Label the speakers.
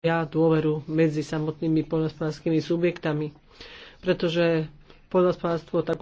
Speaker 1: ja dôveru medzi samotnými poľnohospodárskymi subjektami, pretože poľnohospodárstvo tak